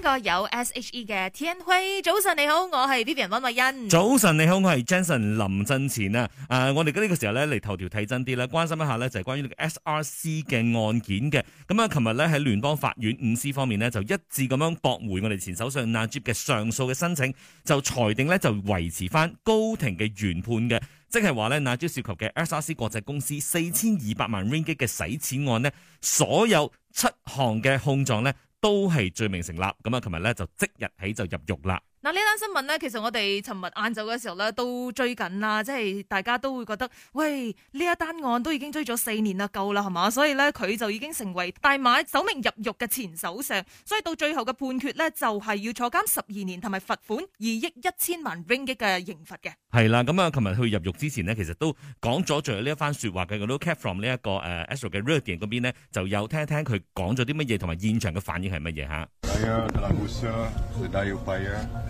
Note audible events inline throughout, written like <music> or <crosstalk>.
個有 SHE 嘅 T.N.H. 早晨你好，我係 Vivian 溫慧欣。早晨你好，我係 Jason 林振前啊！誒、呃，我哋呢個時候咧嚟頭條睇真啲啦，關心一下咧就係關於 S.R.C. 嘅案件嘅。咁啊，琴日咧喺聯邦法院五司方面呢，就一致咁樣駁回我哋前首相納珠嘅上訴嘅申請，就裁定呢就維持翻高庭嘅原判嘅，即係話呢納珠涉及嘅 S.R.C. 國際公司四千二百萬 Ringgit 嘅洗錢案呢，所有七項嘅控狀呢。都係罪名成立，咁啊，琴日咧就即日起就入獄啦。嗱，呢單新聞咧，其實我哋尋日晏晝嘅時候咧，都追緊啦，即係大家都會覺得，喂，呢一單案都已經追咗四年啦，夠啦係嘛，所以咧佢就已經成為大馬首名入獄嘅前首相，所以到最後嘅判決咧，就係、是、要坐監十二年同埋罰款二億一千萬 ringgit 嘅刑罰嘅。係啦，咁、嗯、啊，琴日去入獄之前呢，其實都講咗仲有呢一番說話嘅，我都 capt from 呢、這、一個誒、呃、Ashok 嘅 realty 嗰邊呢，就有聽一聽佢講咗啲乜嘢，同埋現場嘅反應係乜嘢吓。係啊！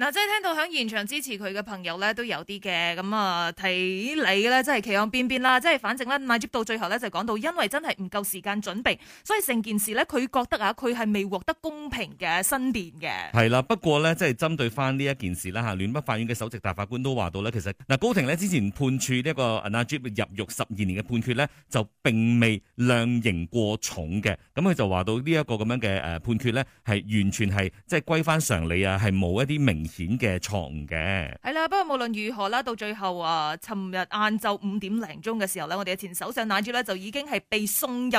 嗱，即係聽到響現場支持佢嘅朋友咧，都有啲嘅，咁啊睇你咧，即係企喺邊邊啦。即係反正咧 Najib 到最後咧就講到，因為真係唔夠時間準備，所以成件事咧佢覺得啊，佢係未獲得公平嘅申辯嘅。係啦，不過咧，即係針對翻呢一件事啦吓聯邦法院嘅首席大法官都話到咧，其實嗱，高庭咧之前判處呢一個 Najib 入獄十二年嘅判決咧，就並未量刑過重嘅。咁佢就話到呢一個咁樣嘅誒判決咧，係完全係即係歸翻常理啊，係冇一啲明。錢嘅錯誤嘅，係啦。不過無論如何啦，到最後啊，尋日晏晝五點零鐘嘅時候咧，我哋嘅前手上拿住咧就已經係被送入。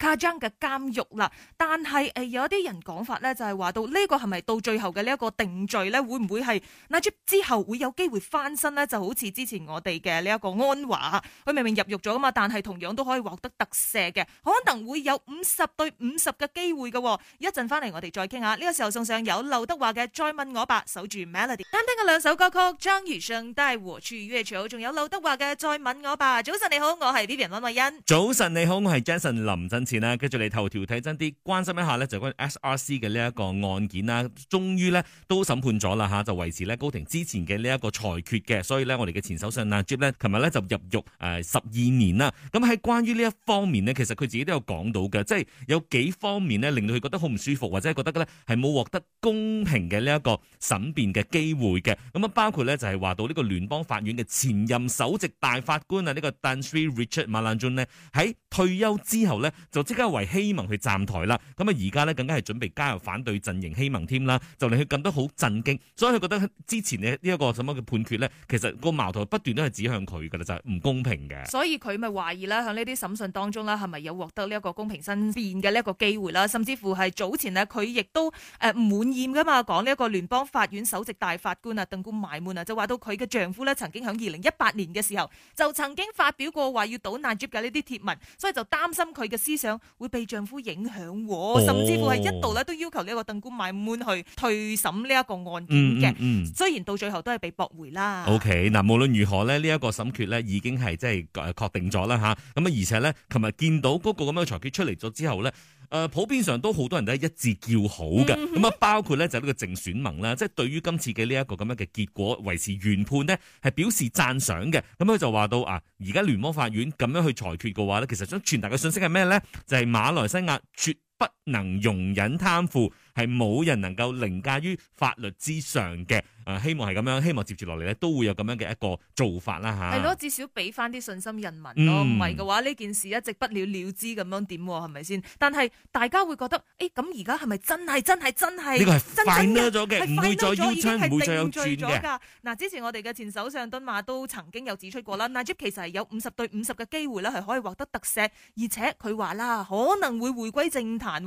卡章嘅監獄啦，但係誒、呃、有啲人講法咧，就係、是、話到呢個係咪到最後嘅呢一個定罪咧？會唔會係 Najib 之後會有機會翻身呢？就好似之前我哋嘅呢一個安華，佢明明入獄咗噶嘛，但係同樣都可以獲得特赦嘅，可能會有五十對五十嘅機會嘅、哦。一陣返嚟我哋再傾下。呢、這個時候送上由劉德華嘅《再吻我吧》，守住 Melody。單聽嘅兩首歌曲《章魚上大河》《和處於熱潮》，仲有劉德華嘅《再吻我吧》。早晨你好，我係 Vivian 林慧欣。早晨你好，我係 Jason 林振。前啦，跟住嚟頭條睇真啲，關心一下呢就關於 SRC 嘅呢一個案件啦，終於呢都審判咗啦嚇，就維持呢高庭之前嘅呢一個裁決嘅，所以呢，我哋嘅前首相呢 Jib 琴日呢就入獄誒十二年啦。咁喺關於呢一方面呢，其實佢自己都有講到嘅，即係有幾方面呢令到佢覺得好唔舒服，或者覺覺得呢係冇獲得公平嘅呢一個審辯嘅機會嘅。咁啊，包括呢就係話到呢個聯邦法院嘅前任首席大法官啊，呢、這個 Dan Sri Richard Malanjun 呢，喺退休之後呢。就。即刻為希盟去站台啦，咁啊而家呢，更加係準備加入反對陣營希盟添啦，就令佢感到好震驚，所以佢覺得之前嘅呢一個什麼嘅判決呢，其實個矛頭不斷都係指向佢噶啦，就係、是、唔公平嘅。所以佢咪懷疑咧，喺呢啲審訊當中咧，係咪有獲得呢一個公平申辯嘅呢一個機會啦？甚至乎係早前呢，佢亦都誒唔滿意噶嘛，講呢一個聯邦法院首席大法官啊，鄧官埋滿啊，就話到佢嘅丈夫呢，曾經喺二零一八年嘅時候就曾經發表過話要倒納吉嘅呢啲帖文，所以就擔心佢嘅思想。會被丈夫影響，甚至乎係一度咧都要求呢個鄧官買滿去退審呢一個案件嘅，嗯嗯嗯、雖然到最後都係被駁回啦。O K，嗱，無論如何咧，呢一個審決咧已經係即係確定咗啦吓，咁啊而且咧，琴日見到嗰個咁樣裁決出嚟咗之後咧。誒，普遍上都好多人都係一致叫好嘅，咁啊、嗯、哼包括咧就呢個淨選盟啦，即、就、係、是、對於今次嘅呢一個咁樣嘅結果維持原判呢，係表示讚賞嘅。咁佢就話到啊，而家聯邦法院咁樣去裁決嘅話呢，其實想傳達嘅信息係咩呢？就係、是、馬來西亞絕不能容忍貪腐，係冇人能夠凌駕於法律之上嘅。誒，希望係咁樣，希望接住落嚟咧，都會有咁樣嘅一個做法啦吓。係咯，至少俾翻啲信心人民咯，唔係嘅話呢件事一直不了了之咁樣點，係咪先？但係大家會覺得，誒咁而家係咪真係真係真係？真係真係呢個係快啦咗嘅，唔會再 U 出，唔會再有轉嘅。嗱，之前我哋嘅前首相敦馬都曾經有指出過啦，納吉嗱，其實係有五十對五十嘅機會咧，係可以獲得特赦，而且佢話啦，可能會回歸政壇，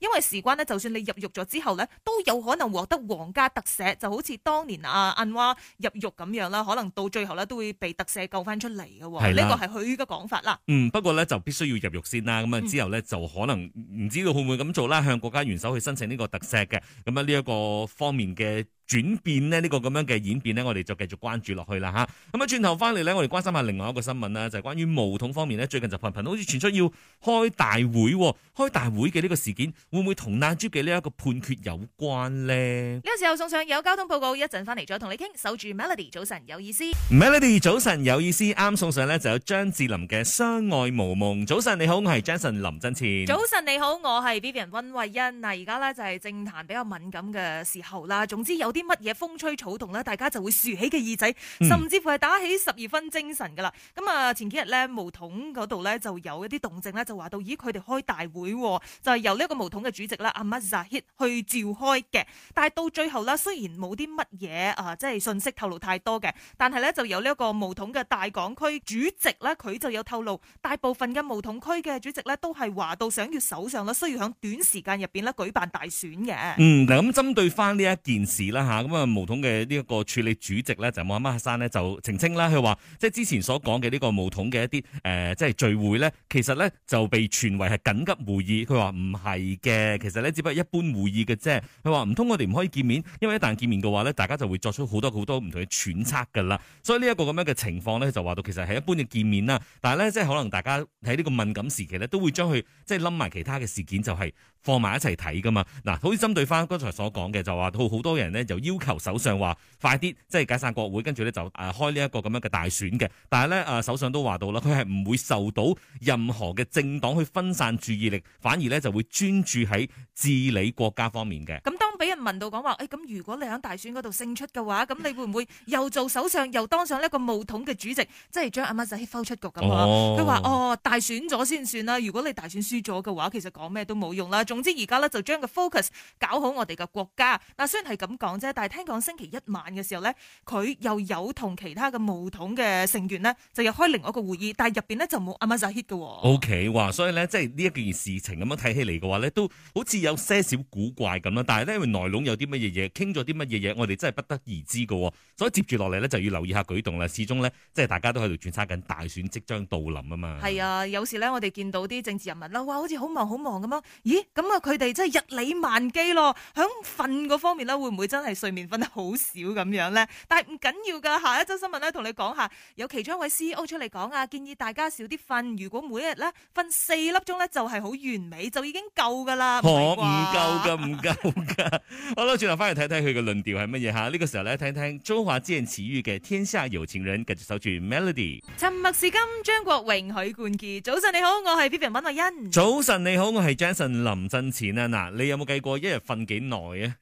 因為事關咧，就算你入獄咗之後呢，都有可能獲得皇家特赦，就好似當。當年阿娃入獄咁樣啦，可能到最後咧都會被特赦救翻出嚟嘅，呢個係佢嘅講法啦。嗯，不過咧就必須要入獄先啦，咁啊、嗯、之後咧就可能唔知道會唔會咁做啦，向國家元首去申請呢個特赦嘅，咁啊呢一個方面嘅。轉變呢個咁樣嘅演變呢，我哋就繼續關注落去啦吓，咁啊，轉頭翻嚟呢，我哋關心下另外一個新聞啦，就係、是、關於巫統方面呢最近就頻頻好似傳出要開大會，開大會嘅呢個事件，會唔會同阿朱嘅呢一個判決有關呢？呢個時候送上有交通報告，一陣翻嚟再同你傾。守住 Melody，早晨有意思。Melody，早晨有意思。啱送上呢就有張智霖嘅《相愛無夢》。早晨你好，我係 Jason 林振前。早晨你好，我係 Vivian 温慧欣。嗱，而家呢就係政壇比較敏感嘅時候啦。總之有啲。啲乜嘢風吹草動咧，大家就會豎起嘅耳仔，甚至乎係打起十二分精神噶啦。咁啊，前幾日咧，毛統嗰度咧就有一啲動靜咧，就話到，咦，佢哋開大會、哦，就係、是、由呢一個毛統嘅主席啦，阿 m u s 去召開嘅。但係到最後咧，雖然冇啲乜嘢啊，即係信息透露太多嘅，但係咧就有呢一個毛統嘅大港區主席咧，佢就有透露，大部分嘅毛統區嘅主席咧都係話到，想要首相咧需要喺短時間入邊咧舉辦大選嘅。嗯，嗱，咁針對翻呢一件事啦。下咁啊，毛統嘅呢一個署理主席咧，就冇、是、阿媽生咧就澄清啦。佢話即係之前所講嘅呢個毛統嘅一啲誒、呃，即係聚會咧，其實咧就被傳為係緊急會議。佢話唔係嘅，其實咧只不過一般會議嘅啫。佢話唔通我哋唔可以見面？因為一旦見面嘅話咧，大家就會作出好多好多唔同嘅揣測噶啦。所以呢一個咁樣嘅情況咧，就話到其實係一般嘅見面啦。但係咧，即係可能大家喺呢個敏感時期咧，都會將佢即係冧埋其他嘅事件、就是，就係。放埋一齊睇㗎嘛，嗱，好似針對翻剛才所講嘅，就話好好多人咧就要求首相話快啲，即係解散國會，跟住咧就誒開呢一個咁樣嘅大選嘅。但係咧誒首相都話到啦，佢係唔會受到任何嘅政黨去分散注意力，反而咧就會專注喺治理國家方面嘅。俾人問到講話，誒、哎、咁如果你喺大選嗰度勝出嘅話，咁你會唔會又做首相，又當上一個巫統嘅主席，即係將阿馬薩希出局咁？佢話：哦，大選咗先算啦。如果你大選輸咗嘅話，其實講咩都冇用啦。總之而家呢，就將個 focus 搞好我哋嘅國家。嗱，雖然係咁講啫，但係聽講星期一晚嘅時候呢，佢又有同其他嘅巫統嘅成員呢，就又開另外一個會議，但係入邊呢，就冇阿馬薩希嘅喎 O K. 哇，所以即係呢一件事情咁樣睇起嚟嘅話，都好似有些少古怪咁啦。但係內籠有啲乜嘢嘢，傾咗啲乜嘢嘢，我哋真係不得而知噶。所以接住落嚟呢，就要留意下舉動啦。始終呢，即係大家都喺度轉差緊，大選即將到臨啊嘛。係啊，有時呢，我哋見到啲政治人物啦，哇，好似好忙好忙咁樣。咦，咁啊，佢哋真係日理萬機咯。響瞓嗰方面呢，會唔會真係睡眠瞓得好少咁樣呢？但係唔緊要噶，下一周新聞呢，同你講下，有其中一位 CEO 出嚟講啊，建議大家少啲瞓。如果每日呢，瞓四粒鐘呢，就係好完美，就已經夠噶啦。唔夠噶？唔夠噶？ <laughs> 好啦，轉頭翻嚟睇睇佢嘅論調係乜嘢吓？呢、這個時候咧，聽聽中華見奇遇嘅《天下有情人》，繼續守住 Melody。沉默是金，張國榮許冠傑。早晨你好，我係 Vivian 文慧欣。早晨你好，我係 Jason 林振前啊。嗱，你有冇計過一日瞓幾耐啊？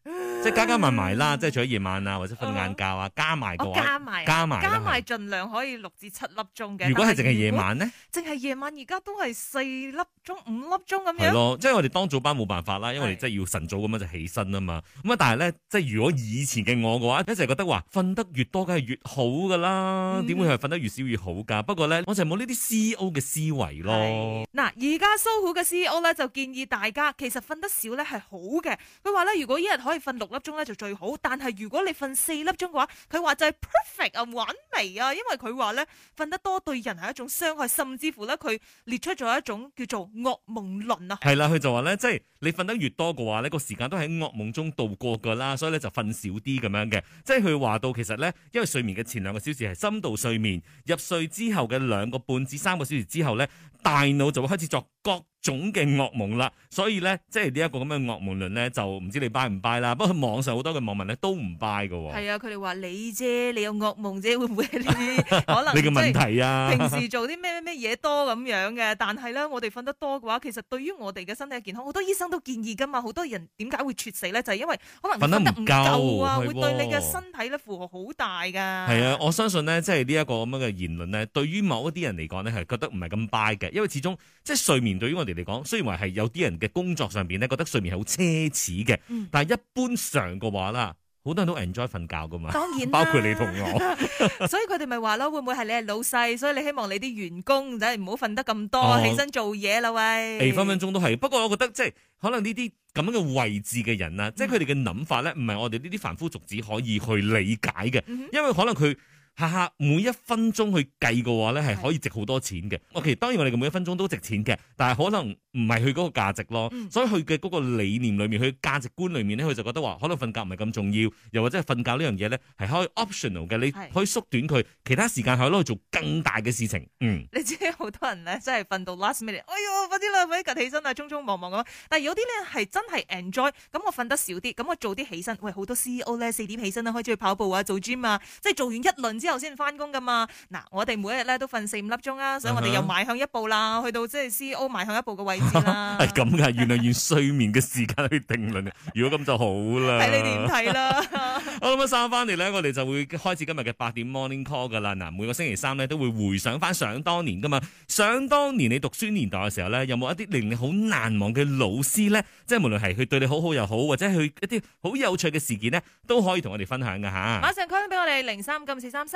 即加加埋埋啦，嗯、即係除咗夜晚啊，或者瞓晏覺、嗯、啊，加埋個，加埋，加埋是，加埋，儘量可以六至七粒鐘嘅。如果係淨係夜晚咧，淨係夜晚而家都係四粒鐘、五粒鐘咁樣。係咯，即係我哋當早班冇辦法啦，因為即係要晨早咁樣就起身啊嘛。咁啊，但係咧，即係如果以前嘅我嘅話，一直係覺得話瞓得越多梗係越好㗎啦，點、嗯、會係瞓得越少越好㗎？不過咧，我就冇呢啲 C E O 嘅思維咯。嗱，而家搜狐嘅 C E O 咧就建議大家，其實瞓得少咧係好嘅。佢話咧，如果一日可以瞓六粒鐘咧就最好，但係如果你瞓四粒鐘嘅話，佢話就係 perfect 啊，完美啊，因為佢話咧瞓得多對人係一種傷害，甚至乎咧佢列出咗一種叫做噩夢論啊。係啦，佢就話咧，即係你瞓得越多嘅話呢個時間都喺噩夢中度過噶啦，所以咧就瞓少啲咁樣嘅。即係佢話到其實咧，因為睡眠嘅前兩個小時係深度睡眠，入睡之後嘅兩個半至三個小時之後咧，大腦就會開始作。各種嘅噩夢啦，所以咧，即係呢一個咁嘅噩夢論咧，就唔知你拜唔拜啦。不過網上好多嘅網民咧都唔拜噶，係啊，佢哋話你啫，你有噩夢啫，會唔會係 <laughs> 可能不，就是，你嘅問題啊， <laughs> 平時做啲咩咩嘢多咁樣嘅？但係咧，我哋瞓得多嘅話，其實對於我哋嘅身體健康，好多醫生都建議噶嘛。好多人點解會猝死咧？就係、是，因為可能瞓得唔夠啊，會對你嘅身體咧負荷好大噶。係啊，我相信咧，即係呢一個咁樣嘅言論咧，對於某一啲人嚟講咧，係覺得唔係咁拜嘅，因為始終即係睡眠。對於我哋嚟講，雖然話係有啲人嘅工作上邊咧，覺得睡眠係好奢侈嘅，嗯、但係一般上嘅話啦，好多人都 enjoy 瞓覺噶嘛，當然啦，包括你同我， <laughs> 所以佢哋咪話咯，會唔會係你係老細，所以你希望你啲員工仔唔好瞓得咁多，哦、起身做嘢啦喂？誒，分分鐘都係，不過我覺得即係可能呢啲咁樣嘅位置嘅人啦，嗯、即係佢哋嘅諗法咧，唔係我哋呢啲凡夫俗子可以去理解嘅，嗯、哼因為可能佢。下哈，每一分鐘去計嘅話咧，係可以值好多錢嘅。OK，實當然我哋每一分鐘都值錢嘅，但係可能唔係佢嗰個價值咯。所以佢嘅嗰個理念裏面，佢價值觀裏面咧，佢就覺得話可能瞓覺唔係咁重要，又或者係瞓覺呢樣嘢咧係可以 optional 嘅，你可以縮短佢，其他時間攞去做更大嘅事情。嗯，你知好多人咧，真係瞓到 last minute，哎呦啲知啦，我快夾起身啊，匆匆忙忙咁。但有啲咧係真係 enjoy，咁我瞓得少啲，咁我早啲起身。喂，好多 CEO 咧，四點起身啦，開始去跑步啊，做 gym 啊，即係做完一輪。之後先翻工噶嘛？嗱、啊，我哋每一日咧都瞓四五粒鐘啦，所以我哋又邁向一步啦，uh huh. 去到即係 CEO 邁向一步嘅位置啦。係咁噶，原嚟越睡眠嘅時間去定論啊！ <laughs> 如果咁就好啦睇你點睇啦、 <laughs> 嗯。睇你點睇啦。好啦，三翻嚟咧，我哋就會開始今日嘅八點 Morning Call 噶啦。嗱，每個星期三咧都會回想翻想當年噶嘛，想當年你讀書年代嘅時候咧，有冇一啲令你好難忘嘅老師咧？即係無論係佢對你好好又好，或者係一啲好有趣嘅事件咧，都可以同我哋分享噶吓。馬上交俾我哋零三、九三。